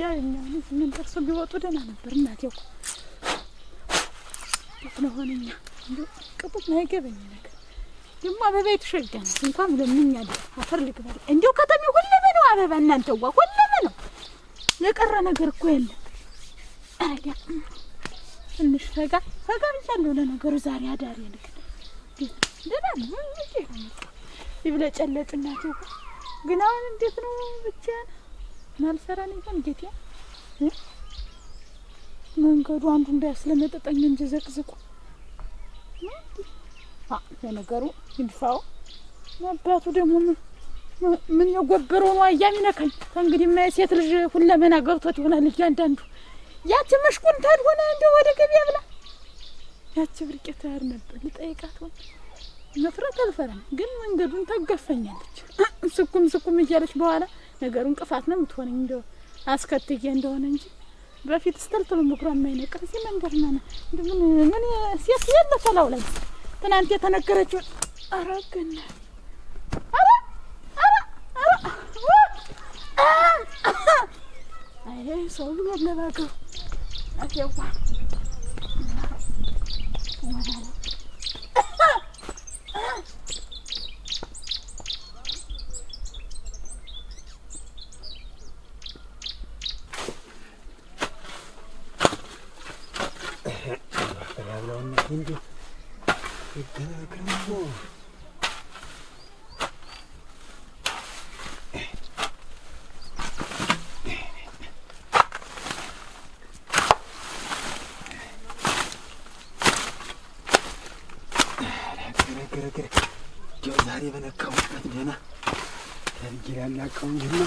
ቢያዩኝ ምን ደርሶ ቢወጡ ደህና ነበር። እናቴ ቤት ነገር ደግሞ እንኳን ለምኛ አፈር ሁለመ ነው አበባ እናንተዋ ሁለመ ነው የቀረ ነገር እኮ የለም። ታዲያ ትንሽ ፈጋ ፈጋ ብያለሁ። ለነገሩ ዛሬ አዳሪ ልክ ደህና ነው ግን አሁን እንዴት ነው ብቻ ማልሰራ ነኝ እንኳን ጌቴ መንገዱ አንዱ እንዳያስለመጠጠኝ እንጂ ዘቅዝቁ ለነገሩ ይድፋው አባቱ ደግሞ ምን የጎበረው ነው አያም ይነካኝ። ከእንግዲህ ማ ሴት ልጅ ሁለመና ገብቶት ይሆናል። እያንዳንዱ ያቺ መሽቁን ታድ ሆነ እንደ ወደ ገቢያ ብላ ያቺ ብርቄ ታያር ነበር ልጠይቃት ሆን መፍረት አልፈረም፣ ግን መንገዱን ታገፈኛለች። ስኩም ስኩም እያለች በኋላ ነገሩ እንቅፋት ነው የምትሆነኝ እንደው አስከትዬ እንደሆነ እንጂ በፊት ስተልትሎ ምክሯ የማይነቅር እዚህ መንገድ ነ ምን ሴት የለ ተላው ላይ ትናንት የተነገረችው አረግና ሰው ለባገሩ አቴዋ Şimdi iddia ekranı bu. Gözler yemene kavuşmadı bana. Ben girenler kavuşmadı.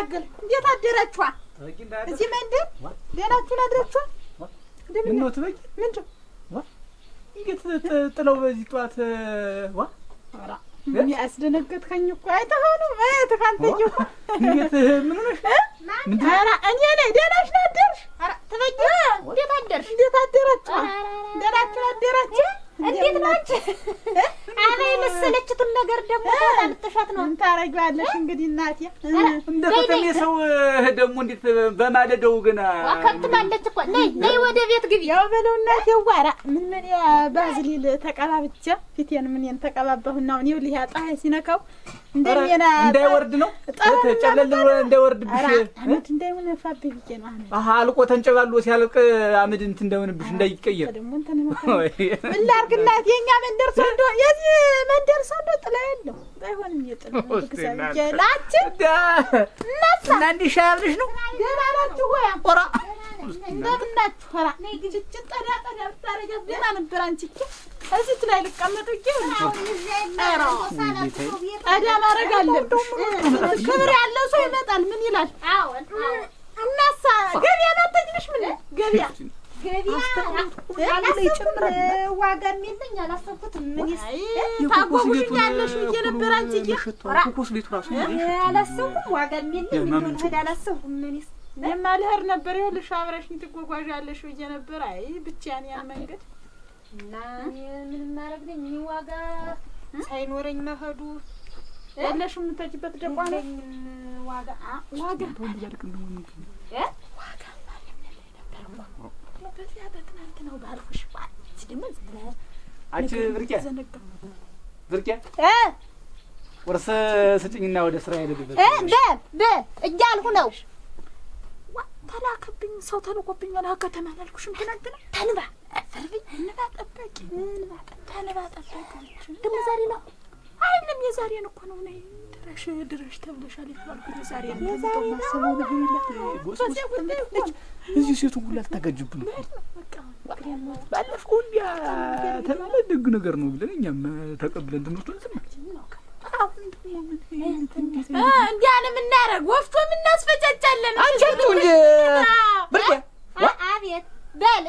ታገል እንዴት አደራችኋ? እዚህ መንደር ደህናችሁን አድራችኋል? ምን ነው ትበይ? ምንድን ነው እንዴት ጥለው በዚህ ጠዋት ዋ ያስደነገጥከኝ እኮ አይተኸው ነው ማየት ካልተኝ እኮ እንዴት ምን ሆነሽ? አራ እኔ ነኝ ደህና ነሽ አደርሽ? አራ ትበይ እንዴት አደርሽ? እንዴት አደራችሁ? ደህናችሁን አደራችሁ? እንዴት ናችሁ? የመሰለችትን ነገር ደግሞ ታምጥሻት ነው። ታረጊዋለሽ እንግዲህ እናቴ። እንደ ከተሜ ሰው ደግሞ እንዴት በማለደው ገና ከብትማለች እኮ ነይ ነይ፣ ወደ ቤት ግቢ። ያው በለው እናቴ። ዋራ ምን ምን ባዝሊል ተቀባብቻ ፊቴን ምንን ተቀባባሁና አሁን ይኸውልህ ፀሐይ ሲነካው እንዳይወርድ ነው ጨለል ብሎ እንዳይወርድብሽ አልቆ ተንጨባሎ ሲያልቅ አመድ እንትን እንዳይሆንብሽ እንዳይቀየር ምን ላድርግ የእኛ መንደር ሰው እንደው የዚህ መንደር ሰው እንደው ጥላ የለው ባይሆንም የጥል ላችን እናሳ እና እንዲሻ ያልሽ ናችሁ ሆያ ቆራ እንደምን ናችሁ? ኧረ እኔ ላይ ልቀመጥ ጠዳ ማድረግ ክብር ያለው ሰው ይመጣል። ምን ይላል? እናሳ ገበያ ናት ምን ገበያ ዋጋ የሚለኝ አላሰብኩትም። ምን ታጎጉሽኛለሽ ብዬሽ ነበር። አንቺዬ አላሰብኩም ዋጋ የሚለኝ ምን ሄድ የማልህር ነበር። ይኸውልሽ አብረሽኝ ትጓጓዣለሽ ብዬ ነበር። አይ ብቻዬን ያን መንገድ እና ምን ማድረግ ነኝ እኔ ዋጋ ሳይኖረኝ መሄዱ ያለሽ የምታጅበት ደቋ ነው ዋጋ ዋጋ ነው ዋጋ በዚያ በትናንት ነው ባልኩሽ ስድምዝ አንቺ ብርቄ ብርቄ ቁርስ ስጭኝና ወደ ስራ ሄደ በ በ ነው ተላክብኝ ሰው ተልኮብኛል። ሀከተማ አላልኩሽም ትናንትና? ተንባ አፈርብኝ እንባ ጠበቂ እንባ ተንባ ጠበቂ ደግሞ ዛሬ ነው አይንም የዛሬን እኮ ነው ድረሽ ድረሽ ተብለሻል የተባልኩት የዛሬ እዚህ ሴቱን ሁላ ልታጋጅብን ባለፈው ሁላ ተባለ ደግ ነገር ነው ብለን እኛም ተቀብለን ትምህርቱን ዝማል እንዲህ አለ የምናደርግ ወፍጮ የምናስፈጫጫለን አንቺ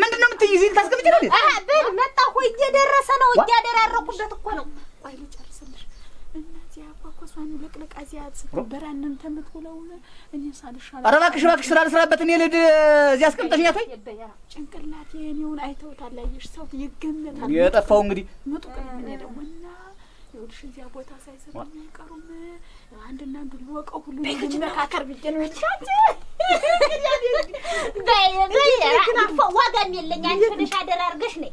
ምንድን ነው የምትይኝ? እዚህ ልታስቀምጪ ነው? በል ሆይ እየደረሰ ነው። እያደራረኩበት እኮ ነው። ቆይ ልጨርስልሽ። እናዚያ ኳኳሷን ለቅለቃ እዚያ ስትበራ እናንተ የምትውለው እኔ ሳልሻል። ኧረ እባክሽ እባክሽ፣ ስራ ልስራበት። እኔ ልድ እዚህ አስቀምጠሽኝ አትበይ። ጭንቅላት የእኔውን አይተውታል። አየሽ፣ ሰው ይገመታል። የጠፋው እንግዲህ ምጡቅ ምን ደሞና ይኸውልሽ እዚያ ቦታ ሳይሰሩ አይቀሩም። አንድና አንዱ ልወቀው ሁሉ መካከር ብዬሽ ነው ይልሻል ዋጋም የለኝ። አንቺ ብለሽ አደራ አድርገሽ ነይ።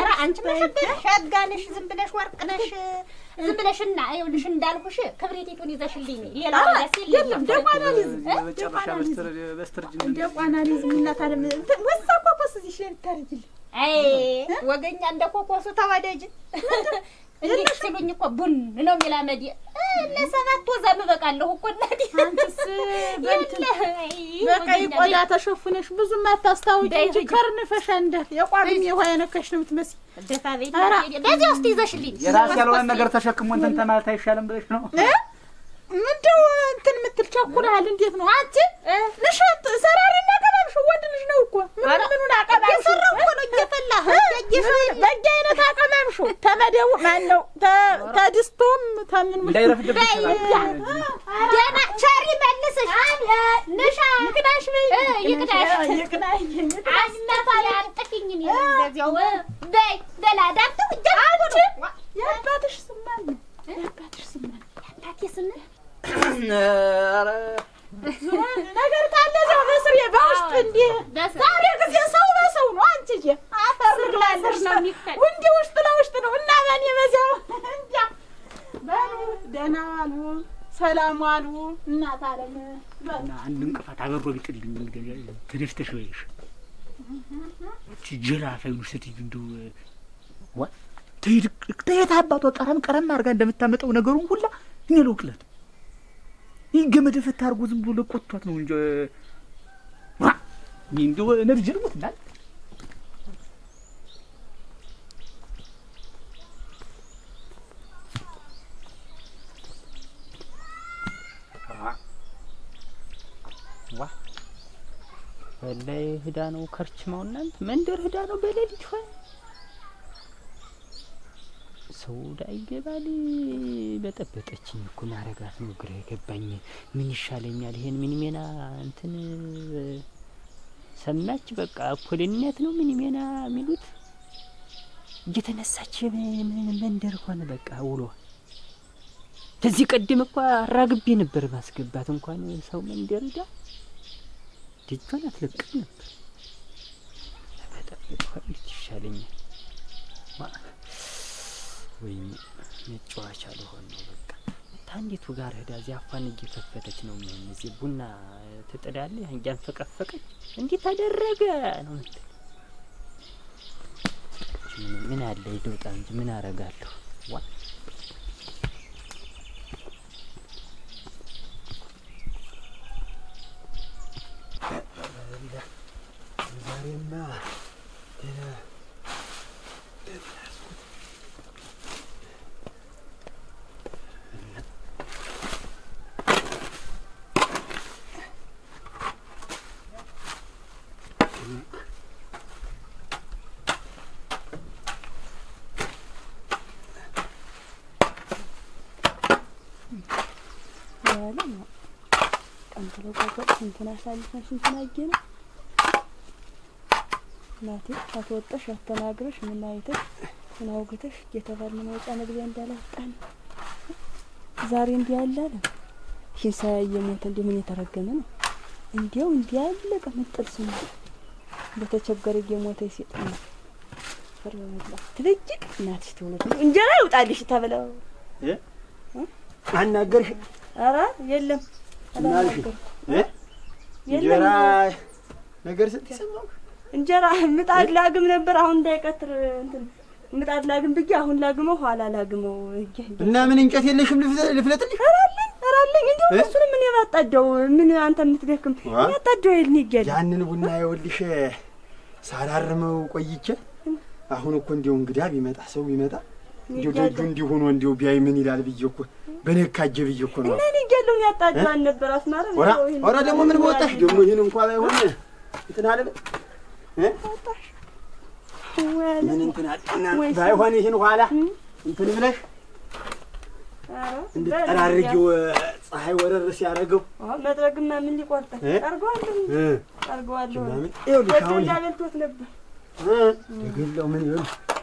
ኧረ አንቺ ብለሽ ሸጋ ነሽ። ዝም ብለሽ ወርቅ ነሽ። ዝም ብለሽ እና ይኸውልሽ እንዳልኩሽ ክብሪቲቱን ይዘሽልኝ ሌላ የለም። ደቋናሊዝም እናታለም ወሳ ኮኮስ እዚህ ላይ ብታረጊልኝ ወገኛ እንደ ኮኮሱ ተወዳጅ እንዴት ሲሉኝ እኮ ቡን ነው የሚላመድ ለሰባት ወዛ ምበቃለሁ እኮ እናቴ። በቃ ቆዳ ተሸፍነሽ ብዙም አታስታውቂ እንጂ ከርንፈሻ እንዳት የቋሚም የውሃ የነከሽ ነው የምትመስይ። በዚያ ውስጥ ይዘሽልኝ የራስ ያልሆነ ነገር ተሸክሞ እንትን ተማለት አይሻልም ብለሽ ነው ምንድው እንትን የምትል ቸኩለሃል? እንዴት ነው አንቺ? ልሸጥ ሰራሪ ቀባብሽ ወንድ ልጅ ነው እኮ ምኑን አቀባብሽ ሰራው እኮ ነው እየፈላህ በእጅ አይነት አቀባብሽ ተመደቡ ማን ነው ተድስቶም ተምን ደና ቸሪ መልስሽ ንሻ ይቅዳሽ ይቅዳሽ አስነፋ ያጥቅኝ እንደዚያው በይ በላ ዳምቱ ጀ አንቺ የአባትሽ ስማል የአባትሽ ስማል የአባቴ ስምል ነገር ካለ እዛው በስሬ በውስጥ ዛሬ ጊዜ ሰው በሰው ነው። ውስጥ ለውስጥ ነው እና በዚያው እንዲያ ደህና ዋሉ፣ ሰላም ዋሉ። እናት አለም አንድ እንቅፋት አበሮ ቢጥልኝ ተደፍተሽ በይልሽ እቺ ጅራፍ አይኑ ስትይ እንደው ወ ተይድ ተየት አባቷ ቀረም ቀረም አድርጋ እንደምታመጣው ነገሩን ሁላ እኔ ልውቅለት ይህ ገመድ ፍታ አድርጎ ዝም ብሎ ለቆቷት ነው እንጂ እንዲሁ ነድጄ ልሞት እናል ወላሂ ህዳ ነው ከርችማው። እናንተ መንደር ህዳ ነው በሌሊት ሆነ ሰው እንዳይገባል በጠበጠችኝ እኮ ማረጋት ነው ግራ የገባኝ። ምን ይሻለኛል? ይሄን ምን ሜና እንትን ሰማች። በቃ እኩልነት ነው ምን ሜና የሚሉት እየተነሳች መንደር ሆነ በቃ ውሎ። ከዚህ ቀደም እኮ አራግቤ ነበር ማስገባት እንኳን ሰው መንደር ዳ ልጇን አትለቅም ነበር። በጠበጥ ይሻለኛል ወይም መጫወቻ ልሆን ነው። በቃ ታንዲቱ ጋር ሄዳ እዚያ አፏን እየከፈተች ነው የሚሆን እዚህ ቡና ትጥዳለ አንጃን ፈቀፈቀች እንዴት ተደረገ ነው ምትል። ምን አለ ይደውጣ እንጂ ምን አረጋለሁ ዋ ዛሬማ ሽንቱን አሳልፈን ሽንቱን አየነ እናቴ አትወጠሽ አተናግረሽ ምን አይተሽ ምን አውግተሽ እየተባልን መውጫ መግቢያ እንዳላጣን ዛሬ እንዲህ ያለ አለ ይህን ሳያየ ሞተ እንዲህ ምን የተረገመ ነው እንዲያው እንዲህ ያለ ቅምጥል ስሙ በተቸገረ የሞተ ይሰጥ ነው ትልጅቅ እናትሽ ትውለድ እንጀራ ይውጣልሽ ተብለው አናገርሽ? ኧረ የለም አናገርኩ እንጀራ ነገር ስትይ ሰማሁ። እንጀራ ምጣድ ላግም ነበር አሁን እንዳይቀትር እንትን ምጣድ ላግም ብዬሽ አሁን ላግመው ኋላ ላግመው እና ምን እንጨት የለሽም ልፍለጥልሽ? ኧረ አለኝ ኧረ አለኝ። እንዲያው እሱንም እኔ ምን አንተ የምትደክም ያጣደው ይልን ይገል ያንን ቡና ይኸውልሽ ሳላርመው ቆይቼ አሁን እኮ እንዲያው እንግዳ ቢመጣ ሰው ቢመጣ እንዲሁ ደጁ እንዲሆኖ እንዲሁ ቢያይ ምን ይላል ብዬ እኮ በነካ እጄ ብዬ እኮ ነው። እኔ እኔ ያጣጅ ማን ነበር አስማረ። ኧረ ደግሞ ምን በወጣሽ ደግሞ ይህን እንኳ ባይሆን እንትን አለ ምን እንትን አለ ባይሆን ይህን ኋላ እንትን ብለሽ እንድጠራርጊው ፀሐይ ወረር ሲያደርገው መጥረግማ ምን ሊቆርጠን ጠርገዋለሁ ጠርገዋለሁ ይኸውልሽ አሁን ምን ይሆን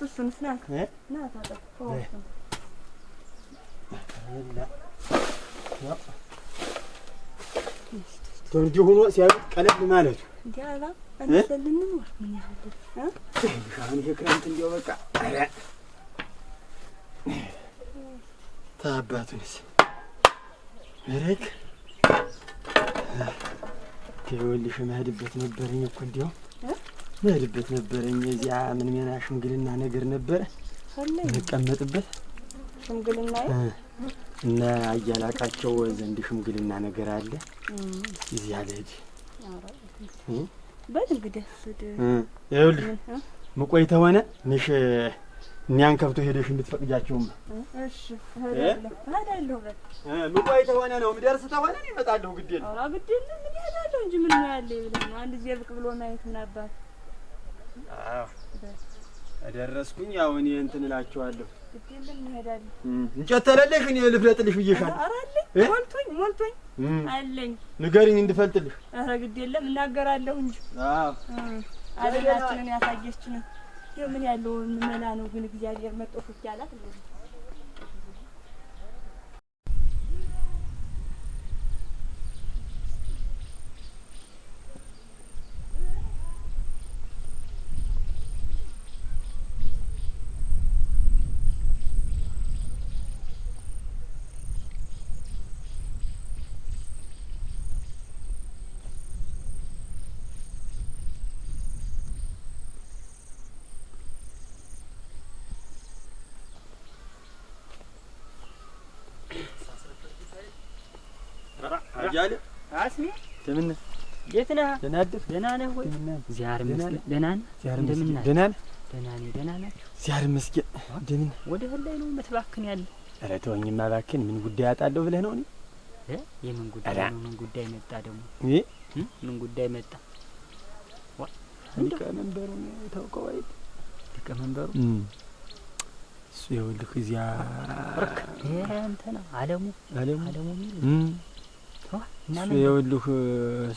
Ist schon snack. Ne? Na, warte. Oh, nee. لا لا ترديه هو سياب قلب مالته እንዴ አላ አንተልን ነው ምን ያህል እ አሁን የክረምት እንዲያው በቃ አረ ታባቱንስ መሬክ ይኸውልሽ መሄድበት ነበረኝ እኮ እንዲያው መሄድበት ነበረኝ። እዚያ ምን ሜና ሽምግልና ነገር ነበረ እንቀመጥበት ሽምግልና እና አያላቃቸው ዘንድ ሽምግልና ነገር አለ። እዚያ ልሂድ በል እንግዲህ ይኸውልሽ ምቆይ ተሆነ ንሽ እኒያን ከብቶ ሄደሽ እንድትፈቅጃቸውም እሺ፣ እሄዳለሁ እሄዳለሁ። ምቆይ ተሆነ ነው ምደርስ ተሆነ እመጣለሁ። ግዴ ነው ምን እሄዳለሁ እንጂ ምን ያለ ይብለህ ነው አንድ ጊዜ ብቅ ብሎ ማየት ምን ደረስኩኝ። አሁን እንትን እላችኋለሁ። እንጨት ተለለሽ እኔ ልፍለጥልሽ ብዬሻል። ሞልቶኝ ሞልቶኝ አለኝ። ንገሪኝ እንድፈልጥልሽ። ኧረ ግድ የለም እናገራለሁ እንጂ አለናችንን ያሳየችንን ምን ያለው ምመና ነው ግን እግዚአብሔር መጦፍ ይቻላት አለ አስሜ እንደምን የት ነህ? ደህና አደርክ? ደህና ነህ ወይ? እግዚአብሔር ይመስገን። ደህና ነህ? እንደምን ነህ? ደህና ነህ? ደህና ነኝ። ደህና ናችሁ? እግዚአብሔር ይመስገን። እንደምን ወደ ህላይ ነው የምትባክን ያለ? ኧረ ተወኝማ እባክህን። ምን ጉዳይ አጣለሁ ብለህ ነው? እኔ የምን ጉዳይ ነው? ምን ጉዳይ መጣ ደግሞ? ምን ጉዳይ መጣ? ሊቀመንበሩ ታውቀው አይደል? ሊቀመንበሩ እሱ ይኸውልህ፣ እዚያ አንተ ነው አለሙ አለሙ አለሙ የሚል እሱ የውልህ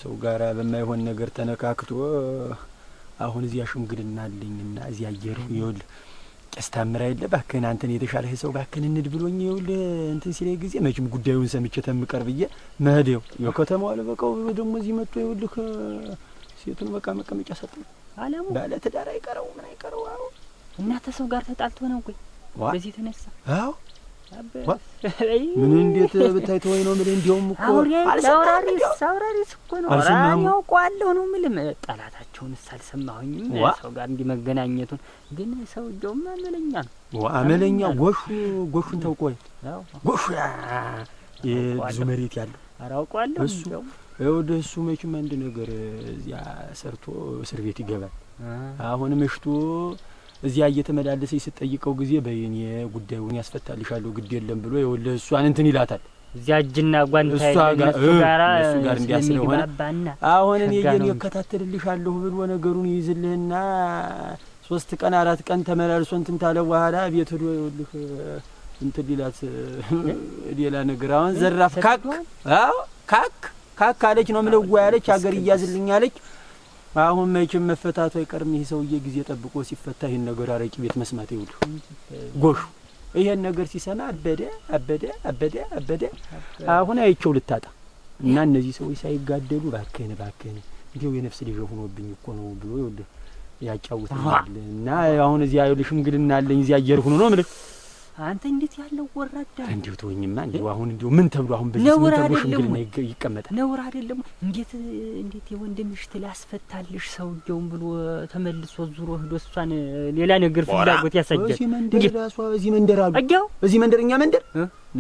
ሰው ጋር በማይሆን ነገር ተነካክቶ አሁን እዚያ ሽምግልና አለኝና እዚያ አየሩ የውልህ ቄስ ታምራ የለ እባክህን አንተን የተሻለህ ሰው እባክህን እንድ ብሎኝ የውልህ እንትን ሲለኝ ጊዜ መቼም ጉዳዩን ሰምቼ ተምቀር ብዬ መሄድ ይኸው የከተማዋ ብሎ ደግሞ እዚህ መጥቶ የውልህ ሴቱን በቃ መቀመጫ ሰጠው። አለሙ ባለ ትዳር አይቀረው ምን አይቀረው። አዎ እናተ ሰው ጋር ተጣልቶ ነው ቆይ በዚህ ተነሳ። አዎ ምን እንዴት ብታይ ተወኝ ነው የምልህ። እንዲያውም እኮ አውራሪስ አውራሪስ እኮ ነው አልሰማሁም። አውቀዋለሁ ነው የምልህ። ጠላታቸውን አልሰማሁኝም። ሰው ጋር እንዲህ መገናኘቱን ግን ሰውዬውም አመለኛ ነው አመለኛ። ጎሹ ጎሹን ታውቀዋል። ጎሹ ብዙ መሬት ያለው አውቀዋለሁ። እሱ ወደ እሱ መቼም አንድ ነገር እዚያ ሰርቶ እስር ቤት ይገባል። አሁን ምሽቱ እዚያ እየተመላለሰ ስትጠይቀው ጊዜ በይኔ ጉዳዩን ያስፈታልሻለሁ ግድ የለም ብሎ ይኸውልህ እሷን እንትን ይላታል። እዚያ እጅና ጓንታ እሱ ጋር እንዲያ ስለሆነ አሁን እኔ የኔ እከታተልልሻለሁ ብሎ ነገሩን ይይዝልህና ሶስት ቀን አራት ቀን ተመላልሶ እንትን ታለ በኋላ ቤት ሄዶ ይኸውልህ እንትን ሊላት ሌላ ነገር አሁን ዘራፍ ካክ ካክ ካክ አለች ነው ምልዋ ያለች አገር እያዝልኝ አለች አሁን መቼም መፈታቱ አይቀርም። ይህ ሰውዬ ጊዜ ጠብቆ ሲፈታ ይህን ነገር አረቂ ቤት መስማት ይውሉ ጎሹ ይሄን ነገር ሲሰማ አበደ አበደ አበደ አበደ። አሁን አይቸው ልታጣ እና እነዚህ ሰዎች ሳይጋደሉ እባክህን እባክህን እንዲያው የነፍስ ልጅ ሆኖብኝ እኮ ነው ብሎ ይኸውልህ ያጫውታል። እና አሁን እዚያ ይኸውልህ ሽምግልና አለኝ እዚያ አየር ሆኖ ነው የምልህ አንተ እንዴት ያለው ወራዳ እንዴው ተወኝማ። እንዴው አሁን እንዴው ምን ተብሎ አሁን በዚህ ምን ተብሎ ሽምግልና ይቀመጣል? ነውር አይደለም። እንዴት እንዴት የወንድምሽ ትላስፈታልሽ ሰውየውን ብሎ ተመልሶ ዙሮ ሂዶ እሷን ሌላ ነገር ፍላጎት ያሳያል። እንዴት ራሷ በዚህ መንደር አሉ እያው በዚህ መንደር እኛ መንደር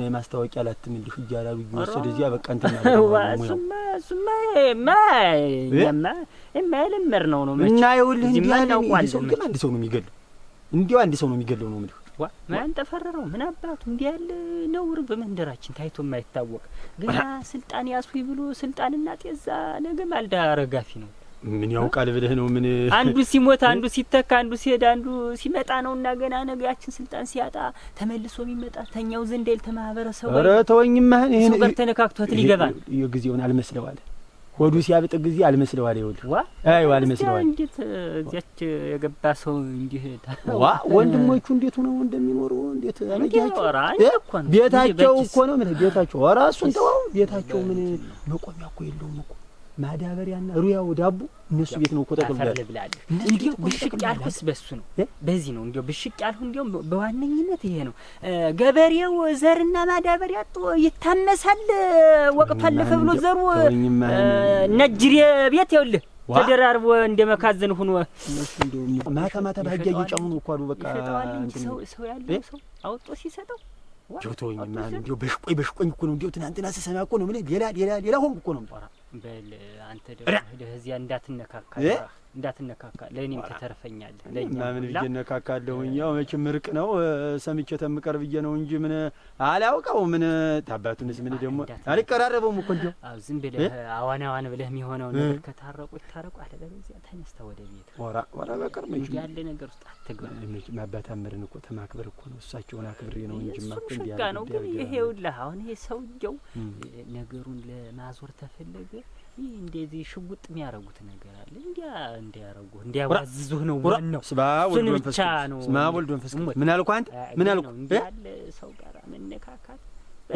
ነው ማስታወቂያ ላትምልሽ እያላሉ ይወሰድ እዚያ በቃ እንትና እሱማ እሱማ ማ ማ የማይለመር ነው ነው እና ይኸውልህ እንዲህ አንድ ሰው ነው የሚገድለው እንዲያው አንድ ሰው ነው የሚገድለው ነው የምልህ ዋ ማን ጠፈረረው? ምን አባቱ እንዲህ ያለ ነውር በመንደራችን ታይቶ የማይታወቅ ገና ስልጣን ያሱ ብሎ ስልጣንና ጤዛ ነገ ማልዳ አረጋፊ ነው። ምን ያውቃል ብለህ ነው? ምን አንዱ ሲሞት፣ አንዱ ሲተካ፣ አንዱ ሲሄድ፣ አንዱ ሲመጣ ነው። እና ገና ነገ ያችን ስልጣን ሲያጣ ተመልሶ የሚመጣ ተኛው ዘንድ አይደል ተማህበረሰቡ። ኧረ ተወኝማ ይሄን ሱበር ተነካክቶት ሊገባ ነው። የጊዜውን አልመስለዋል ወዱ ሲያብጥ ጊዜ አለ ይወል ዋ አይ አልመስለዋል። እንዴት እዚያች የገባ ሰው እንዲህ ዋ ወንድሞቹ እንዴት ሆነው እንደሚኖሩ እንዴት አለጃቸው ቤታቸው እኮ ነው ምን ቤታቸው ኧረ እሱን ተው ቤታቸው ምን መቆሚያ እኮ የለውም እኮ ማዳበሪያና ሩያው ዳቦ እነሱ ቤት ነው እኮ ጠቅልሏል። እንዲሁ ብሽቅ ያልኩስ በሱ ነው፣ በዚህ ነው። እንዲሁ ብሽቅ ያልሁ እንዲሁም በዋነኝነት ይሄ ነው። ገበሬው ዘርና ማዳበሪያ ጦ ይታነሳል። ወቅቱ አለፈ ብሎ ዘሩ ነጅሬ ቤት ይኸውልህ ተደራርቦ እንደ መካዘን ሆኖ ማታ ማታ በህጃ እየጫሙ ነው እኳሉ አሉ። በቃ ሰው ያለው ሰው አውጦ ሲሰጠው ጆቶኝ ማ እንዲሁ በሽቆኝ በሽቆኝ እኮ ነው። እንዲሁ ትናንትና ስሰማ እኮ ነው ምን ሌላ ሌላ ሌላ ሆንኩ እኮ ነው። በል አንተ ደግሞ እዚያ እንዳትነካካ እንዳትነካካ ለእኔም ትተርፈኛለህ። ለእኛምን ብዬ እነካካለሁ። ያው መቼም ርቅ ነው ሰምቼ ተምቀር ብዬ ነው እንጂ ምን አላውቀው ምን ታባቱንስ ምን ደግሞ አልቀራረበውም እኮ እንዲሁ ዝም ብለህ አዋን አዋን ብለህ የሚሆነው ነገር ከታረቁ ይታረቁ፣ አለበለዚያ ተነስተ ወደ ቤት ወራ ወራ በቀር መቼም ያለ ነገር ውስጥ አትግባ። መቼም አባት አምርን እኮ ተማክበር እኮ ነው እሳቸውን አክብሬ ነው እንጂ ማክበር ቢያደርግ ነው። ግን ይሄውልህ አሁን ይሄ ሰውየው ነገሩን ለማዞር ተፈለገ ይህ እንደዚህ ሽውጥ የሚያረጉት ነገር አለ። እንዲያ እንዲያረጉ እንዲያዋዝዙህ ነው ነው ስባ ወልዶ ብቻ ነው። ስማ ወልድ መንፈስ ምን አልኩ? አንተ ምን አልኩ? ያለ ሰው ጋር መነካካት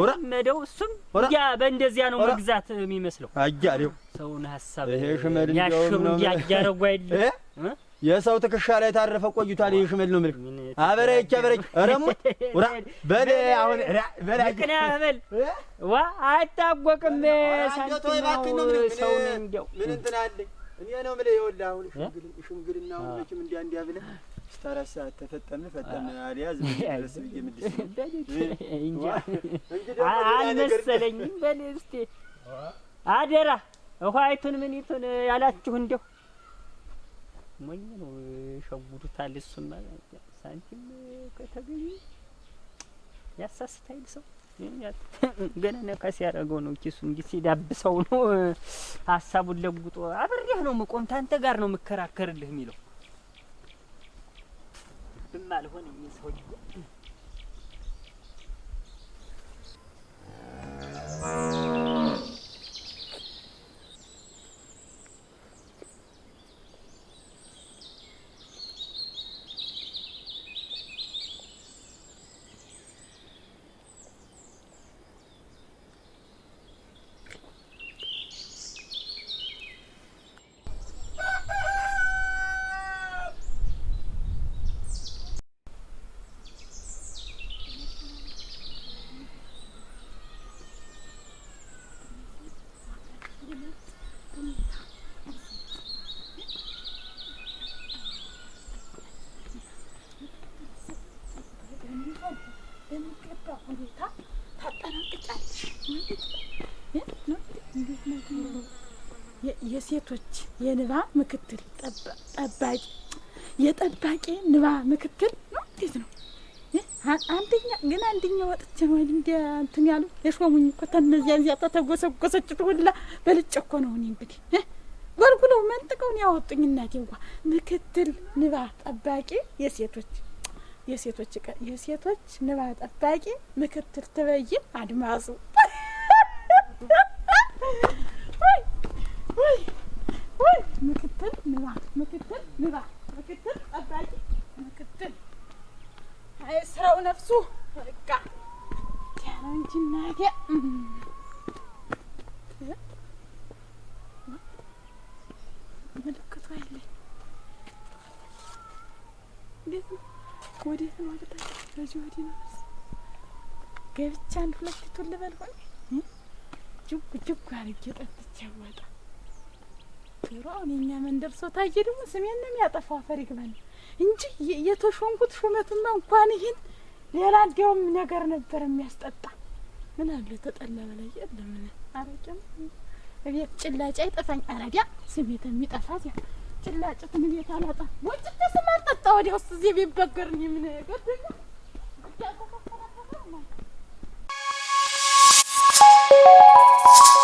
ወረመደው እሱም እንዲያ በእንደዚያ ነው መግዛት የሚመስለው። አያሌው ሰውን ሀሳብ ይሄ ሽመድ እንዲያውም ነው ያያረጉ አይደል የሰው ትከሻ ላይ ታረፈ ቆይቷል። ይህ ሽመል ነው ምልክ አበረች አበረች ረሙት ራ በለ አሁን በላጅ ዋ አታጎቅም ነው ምን እኔ ነው አሁን እንዲያ እንዲያ አደራ ምን ይቱን ያላችሁ እንደው ሞኝ ነው ሸጉዱታል። እሱና ሳንቲም ከተገኘ ያሳስታይል ሰው ገና ነካስ ያደረገው ነው ኪሱ እንጂ ሲዳብሰው ነው ሀሳቡን ለጉጦ አብሬህ ነው ምቆም ታንተ ጋር ነው የምከራከርልህ የሚለው ብማልሆን እኚህ ሰው የንባ ምክትል ጠባቂ የጠባቂ ንባ ምክትል ነው። እንዴት ነው አንደኛ ግን አንደኛ ወጥቼ ነው እንዲ እንትን ያሉ የሾሙኝ እኮ ተነዚያ ዚያጣ ተጎሰጎሰችት ሁላ በልጬ እኮ ነው። እኔ እንግዲህ ጎልጉለው መንጥቀውን ያወጡኝ እናቴ እንኳ ምክትል ንባ ጠባቂ የሴቶች የሴቶች የሴቶች ንባ ጠባቂ ምክትል ትበይን አድማሱ ወይ ወይ ምክትል ንባብ ምክትል ንባብ ምክትል ጠባቂ ምክትል አይ ስራው ነፍሱ በቃ እንጂ እናቴ ምልክቱ ያለኝ እንዴት ነው? ወዴት ነው? በዚህ ወዲህ ነው ገብቻ አንድ ሁለት ቱል ወጣ ሮ አሁን የኛ መንደር ሰው ታዬ ደግሞ ስሜን ነው የሚያጠፋው። አፈር ይግባል እንጂ የተሾምኩት ሹመትማ እንኳን ይህን ሌላ እንዲያውም ነገር ነበር የሚያስጠጣ። ምን አለ ተጠላ በላይ ለምን አረቄም እቤት ጭላጭ አይጠፋኝ። አረዲያ ስሜት የሚጠፋት ያ ጭላጭትን ቤት አላጣ ወጭ ተስማ አልጠጣ ወዲያ ውስጥ እዚህ ቢበገርኝ ምን ነገር ደግሞ Thank you.